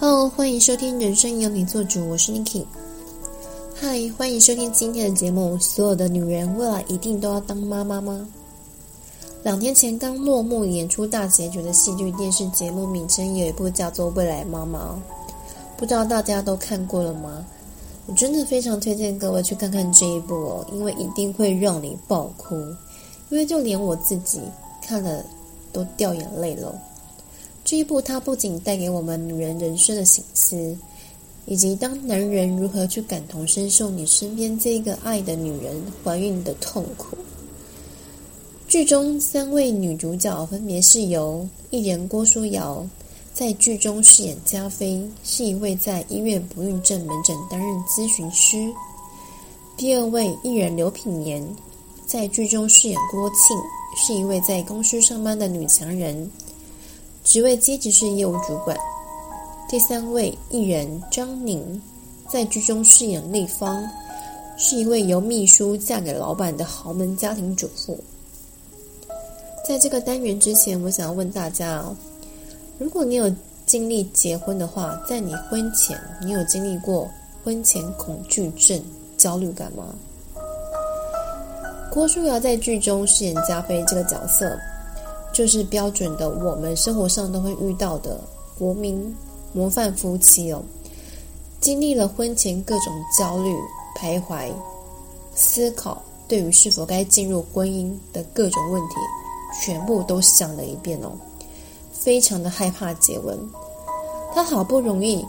哈嘍歡迎收聽《人生由你做主》，我是 n i k i，嗨，Hi, 歡迎收聽今天的節目。所有的女人未來一定都要當媽媽嗎？兩天前剛落幕演出大結局的戲劇電視節目名稱有一部叫做《未來媽媽》，不知道大家都看過了嗎？我真的非常推薦各位去看看這一部哦，因為一定會讓你爆哭，因為就連我自己看了都掉眼淚了。這一部它不僅帶給我們女人人生的省思，以及當男人如何去感同身受你身邊這個愛的女人懷孕的痛苦。劇中三位女主角分別是由藝人郭書瑤在劇中飾演嘉妃，是一位在醫院不孕症門診擔任諮詢師；第二位藝人劉品言在劇中飾演郭慶，是一位在公司上班的女強人。職位階級是業務主管。第三位藝人張寧在劇中飾演麗芳，是一位由秘書嫁給老闆的豪門家庭主婦。在這個單元之前，我想要問大家哦，如果你有經歷結婚的話，在你婚前，你有經歷過婚前恐懼症、焦慮感嗎？郭書瑤在劇中飾演嘉菲這個角色。就是標準的，我們生活上都會遇到的國民模範夫妻哦。經歷了婚前各種焦慮、徘徊、思考，對於是否該進入婚姻的各種問題，全部都想了一遍哦。非常的害怕結婚，他好不容易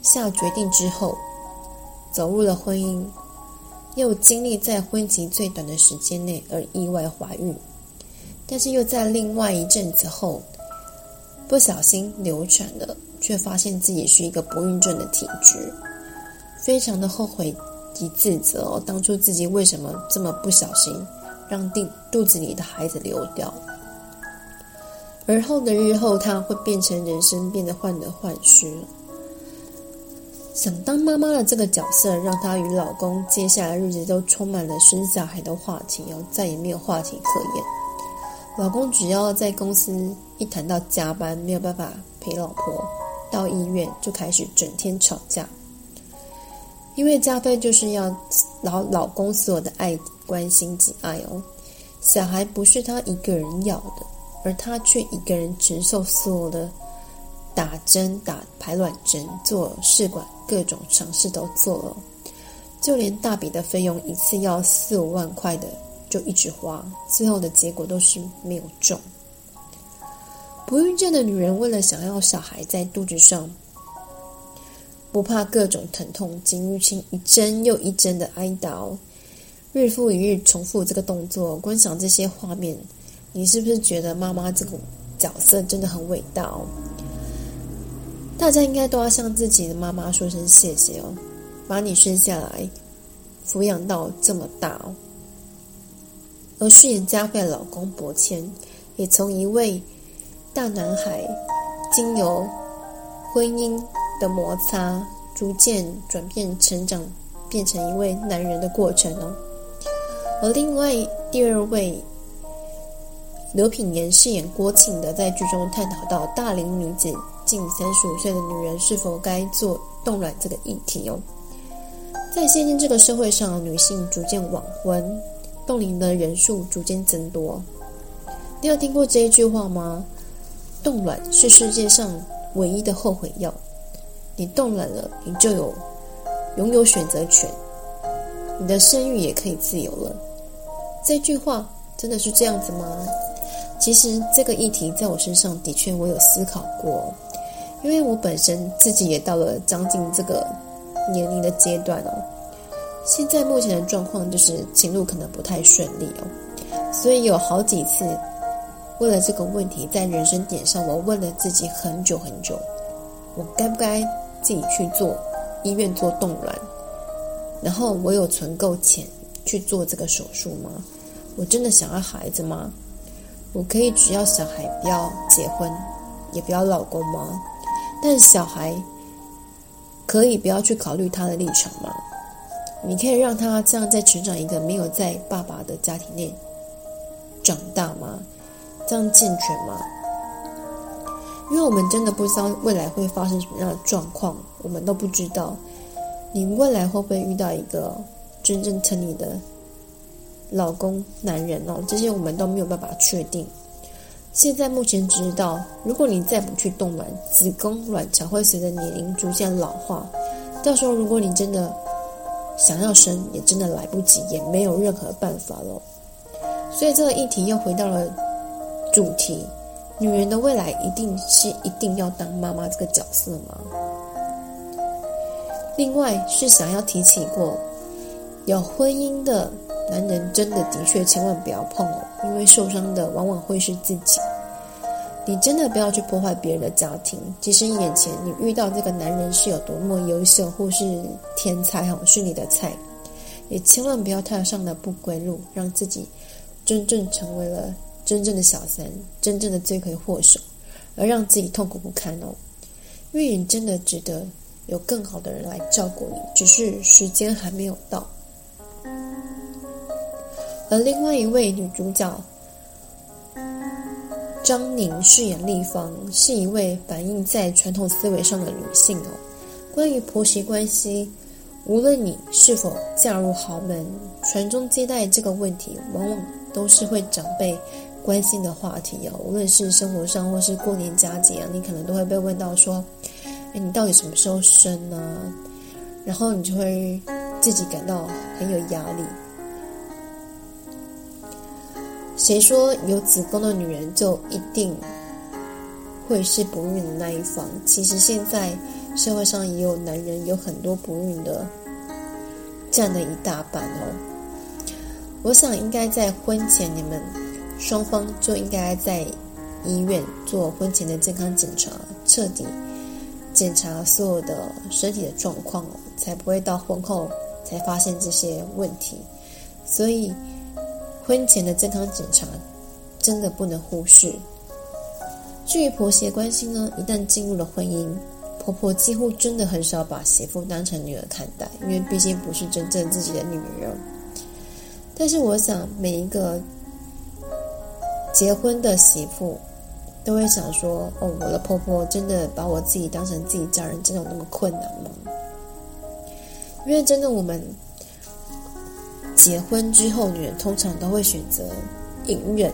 下決定之後，走入了婚姻，又經歷在婚期最短的時間內而意外懷孕。但是又在另外一陣子後，不小心流產了，卻發現自己是一個不孕症的體質，非常的後悔及自責哦，當初自己為什麼這麼不小心讓，讓定肚子裡的孩子流掉？而後的日後，她會變成人生變得患得患失了。想當媽媽的這個角色，讓她與老公接下來日子都充滿了生小孩的話題，然後再也沒有話題可言。老公只要在公司一談到加班，沒有辦法陪老婆到醫院，就開始整天吵架。因為加班就是要老老公所有的愛、關心及愛哦。小孩不是她一個人要的，而她卻一個人承受所有的打針、打排卵針、做試管，各種嘗試都做了，就連大筆的費用，一次要四五萬塊的。就一直花，最後的結果都是沒有中。不孕症的女人為了想要小孩，在肚子上不怕各種疼痛，經瘀青一針又一針的挨到。日復一日重複這個動作，觀想這些畫面，你是不是覺得媽媽這個角色真的很偉大哦？大家應該都要向自己的媽媽說聲謝謝哦，把你生下來，撫養到這麼大哦。而飾演嘉慧老公博謙，也從一位大男孩，經由婚姻的摩擦，逐漸轉變成長，變成一位男人的過程哦。而另外第二位劉品言飾演郭慶的，在劇中探討到大齡女子，近三十五歲的女人是否該做凍卵這個議題哦。在現今這個社會上，女性逐漸晚婚。凍齡的人數逐漸增多，你有聽過這一句話嗎？凍卵是世界上唯一的後悔藥，你凍卵了，你就有擁有選擇權，你的生育也可以自由了。這句話真的是這樣子嗎？其實這個議題在我身上的確我有思考過，因為我本身自己也到了將近這個年齡的階段哦。現在目前的狀況就是情路可能不太順利哦，所以有好幾次，為了這個問題，在人生點上，我問了自己很久很久，我該不該自己去做醫院做凍卵？然後我有存夠錢去做這個手術嗎？我真的想要孩子嗎？我可以只要小孩，不要結婚，也不要老公嗎？但小孩可以不要去考慮他的立場嗎？你可以讓他這樣在成長一個沒有在爸爸的家庭內長大嗎？這樣健全嗎？因為我們真的不知道未來會發生什麼樣的狀況，我們都不知道。你未來會不會遇到一個、哦、真正疼你的老公男人哦？這些我們都沒有辦法確定。現在目前只知道，如果你再不去凍卵，子宮卵巢會隨着年齡逐漸老化，到時候如果你真的。想要生也真的來不及，也沒有任何辦法了。所以這個議題又回到了主題：女人的未來一定是一定要當媽媽這個角色嗎？另外是想要提起過，有婚姻的男人真的的確千萬不要碰哦，因為受傷的往往會是自己。你真的不要去破壞別人的家庭，即使眼前你遇到這個男人是有多麼優秀，或是天才，或是你的菜，也千萬不要踏上了不歸路，讓自己真正成為了真正的小三，真正的罪魁禍首，而讓自己痛苦不堪哦。因為你真的值得有更好的人來照顧你，只是時間還沒有到。而另外一位女主角，張寧飾演麗芳，是一位反映在傳統思維上的女性哦。關於婆媳關係，無論你是否嫁入豪門，傳宗接代這個問題，往往都是會長輩關心的話題哦。無論是生活上，或是過年佳節啊，你可能都會被問到說：“哎，你到底什麼時候生呢啊？”然後你就會自己感到很有壓力。誰說有子宮的女人就一定會是不孕的那一方？其實現在社會上也有男人有很多不孕的，占了一大半哦。我想應該在婚前你們雙方就應該在醫院做婚前的健康檢查，徹底檢查所有的身體的狀況哦，才不會到婚後才發現這些問題。所以。婚前的健康檢查真的不能忽視。至於婆媳關係呢，一旦進入了婚姻，婆婆幾乎真的很少把媳婦當成女兒看待，因為畢竟不是真正自己的女兒。但是我想，每一個結婚的媳婦都會想說：“哦，我的婆婆真的把我自己當成自己家人，真的有那麼困難嗎？”因為真的我們。結婚之後，女人通常都會選擇隱忍。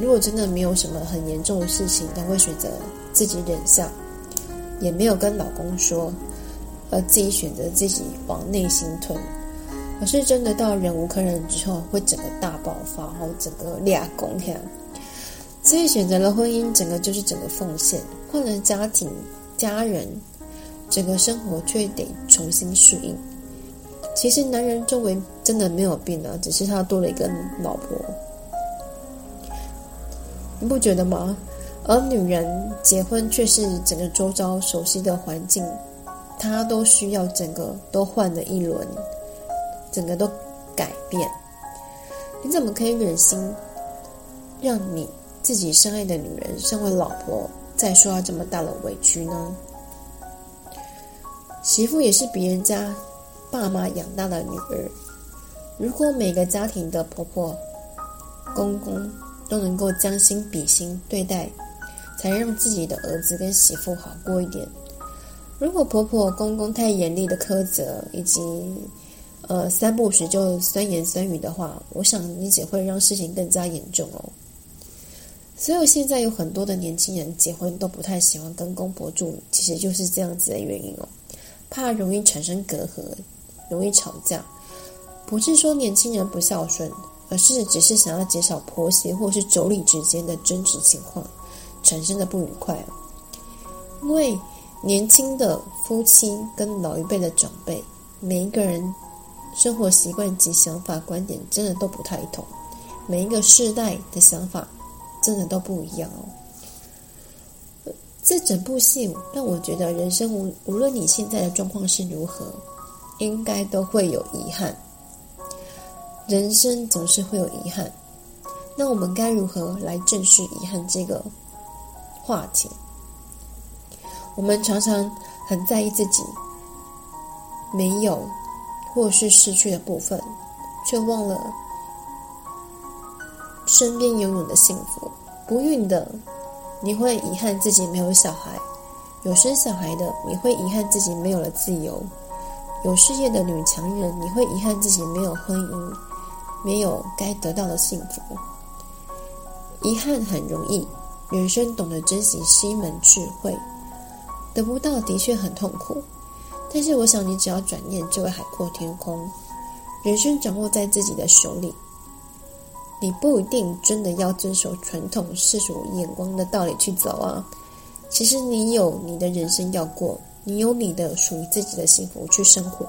如果真的沒有什麼很嚴重的事情，都會選擇自己忍下，也沒有跟老公說，而自己選擇自己往內心吞。可是真的到忍無可忍之後，會整個大爆發，然後整個裂開。這樣，所以選擇了婚姻，整個就是整個奉獻，換了家庭、家人，整個生活卻得重新適應。其實男人周圍真的沒有病的啊，只是他多了一個老婆，你不覺得嗎？而女人結婚卻是整個周遭熟悉的環境，她都需要整個都換了一輪，整個都改變。你怎麼可以忍心讓你自己深愛的女人身為老婆，再受這麼大的委屈呢？媳婦也是別人家爸媽養大的女兒，如果每個家庭的婆婆、公公都能夠將心比心對待，才讓自己的兒子跟媳婦好過一點。如果婆婆、公公太嚴厲的苛責，以及呃三不時就酸言酸語的話，我想你只會讓事情更加嚴重哦。所以現在有很多的年輕人結婚都不太喜歡跟公婆住，其實就是這樣子的原因哦，怕容易產生隔閡。容易吵架，不是說年輕人不孝順，而是只是想要減少婆媳或是妯娌之間的爭執情況產生的不愉快。因為年輕的夫妻跟老一輩的長輩，每一個人生活習慣及想法觀點真的都不太同，每一個世代的想法真的都不一樣哦。這整部戲讓我覺得，人生無無論你現在的狀況是如何。應該都會有遺憾，人生總是會有遺憾。那我們該如何來正視遺憾這個話題？我們常常很在意自己沒有或是失去的部分，卻忘了身邊擁有的幸福。不孕的你會遺憾自己沒有小孩，有生小孩的你會遺憾自己沒有了自由。有事業的女強人，你會遺憾自己沒有婚姻，沒有該得到的幸福。遺憾很容易，人生懂得珍惜是一門智慧。得不到的確很痛苦，但是我想你只要轉念，就會海闊天空。人生掌握在自己的手裡，你不一定真的要遵守傳統世俗眼光的道理去走啊。其實你有你的人生要過。你有你的屬於自己的幸福去生活。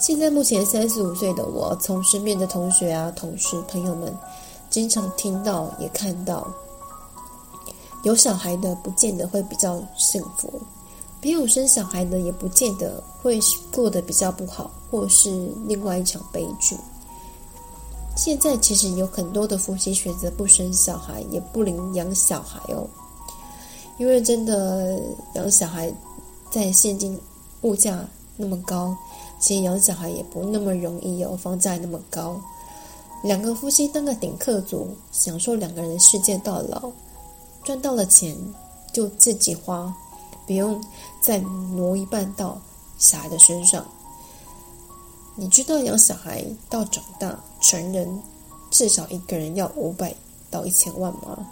現在目前三十五歲的我，從身邊的同學啊、同事、朋友們，經常聽到也看到，有小孩的不見得會比較幸福，沒有生小孩的也不見得會過得比較不好，或是另外一場悲劇。現在其實有很多的夫妻選擇不生小孩，也不領養小孩哦。因為真的養小孩，在現今物價那麼高，其實養小孩也不那麼容易哦，房價那麼高。兩個夫妻當個頂客族，享受兩個人的世界到老，賺到了錢就自己花，不用再挪一半到小孩的身上。你知道養小孩到長大成人，至少一個人要五百到一千萬嗎？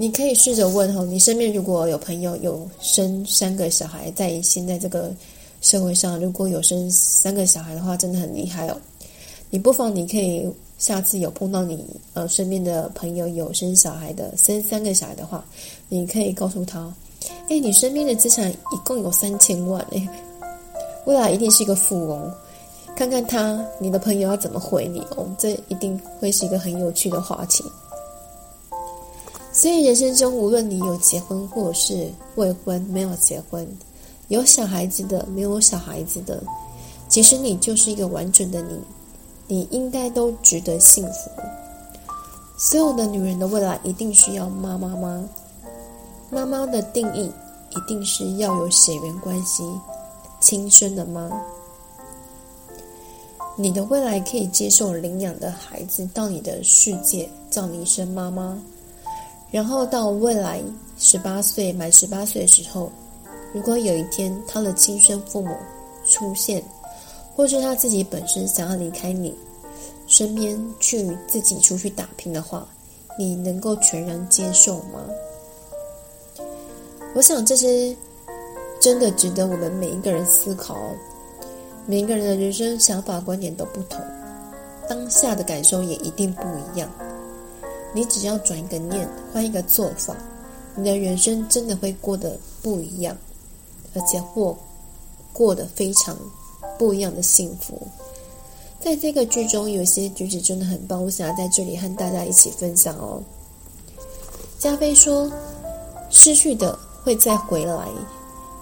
你可以試着問哈，你身邊如果有朋友有生三個小孩，在現在這個社會上，如果有生三個小孩的話，真的很厲害哦。你不妨，你可以下次有碰到你呃、身邊的朋友有生小孩的，生三個小孩的話，你可以告訴他，哎，你身邊的資產一共有三千萬，哎，未來一定是一個富翁。看看他，你的朋友要怎麼回你哦，這一定會是一個很有趣的話題。所以，人生中無論你有結婚或是未婚，沒有結婚，有小孩子的、沒有小孩子的，其實你就是一個完整的你，你應該都值得幸福。所有的女人的未來一定需要媽媽嗎？媽媽的定義一定是要有血緣關係、親生的嗎？你的未來可以接受領養的孩子到你的世界叫你一聲媽媽。然後到未來十八歲滿十八歲的時候，如果有一天他的親生父母出現，或是他自己本身想要離開你身邊去自己出去打拼的話，你能夠全然接受嗎？我想這些真的值得我們每一個人思考。每一個人的人生想法觀點都不同，當下的感受也一定不一樣。你只要轉一個念，換一個做法，你的人生真的會過得不一樣，而且會過得非常不一樣的幸福。在這個劇中，有些舉止真的很棒，我想要在這裡和大家一起分享哦。加菲說：“失去的會再回來，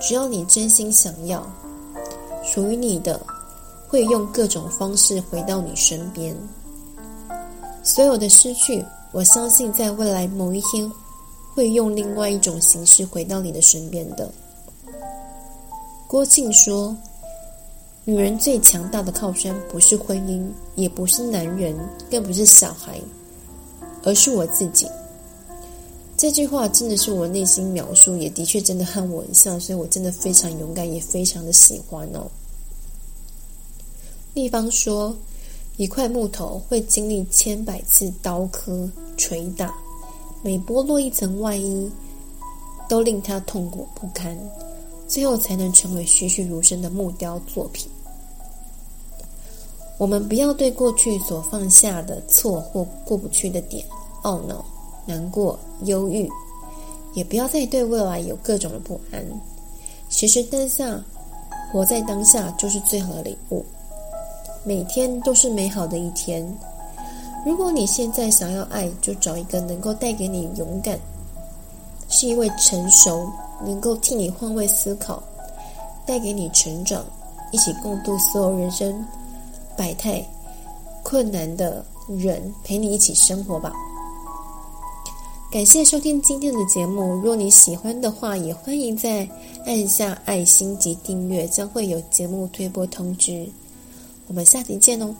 只要你真心想要，屬於你的會用各種方式回到你身邊。所有的失去。”我相信在未來某一天，會用另外一種形式回到你的身邊的。郭靖說：“女人最強大的靠山不是婚姻，也不是男人，更不是小孩，而是我自己。”這句話真的是我內心描述，也的確真的和我很像，所以我真的非常勇敢，也非常的喜歡哦。麗芳說。一塊木頭會經歷千百次刀刻、捶打，每剝落一層外衣，都令它痛苦不堪，最後才能成為栩栩如生的木雕作品。我們不要對過去所犯下的錯或過不去的點懊惱、難過、憂鬱，也不要再對未來有各種的不安。其實當下，活在當下就是最好的禮物。每天都是美好的一天。如果你現在想要愛，就找一個能夠帶給你勇敢，是一位成熟，能夠替你換位思考，帶給你成長，一起共度所有人生百態困難的人，陪你一起生活吧。感謝收聽今天的節目。若你喜歡的話，也歡迎再按下愛心及訂閱，將會有節目推播通知。我們下期見哦。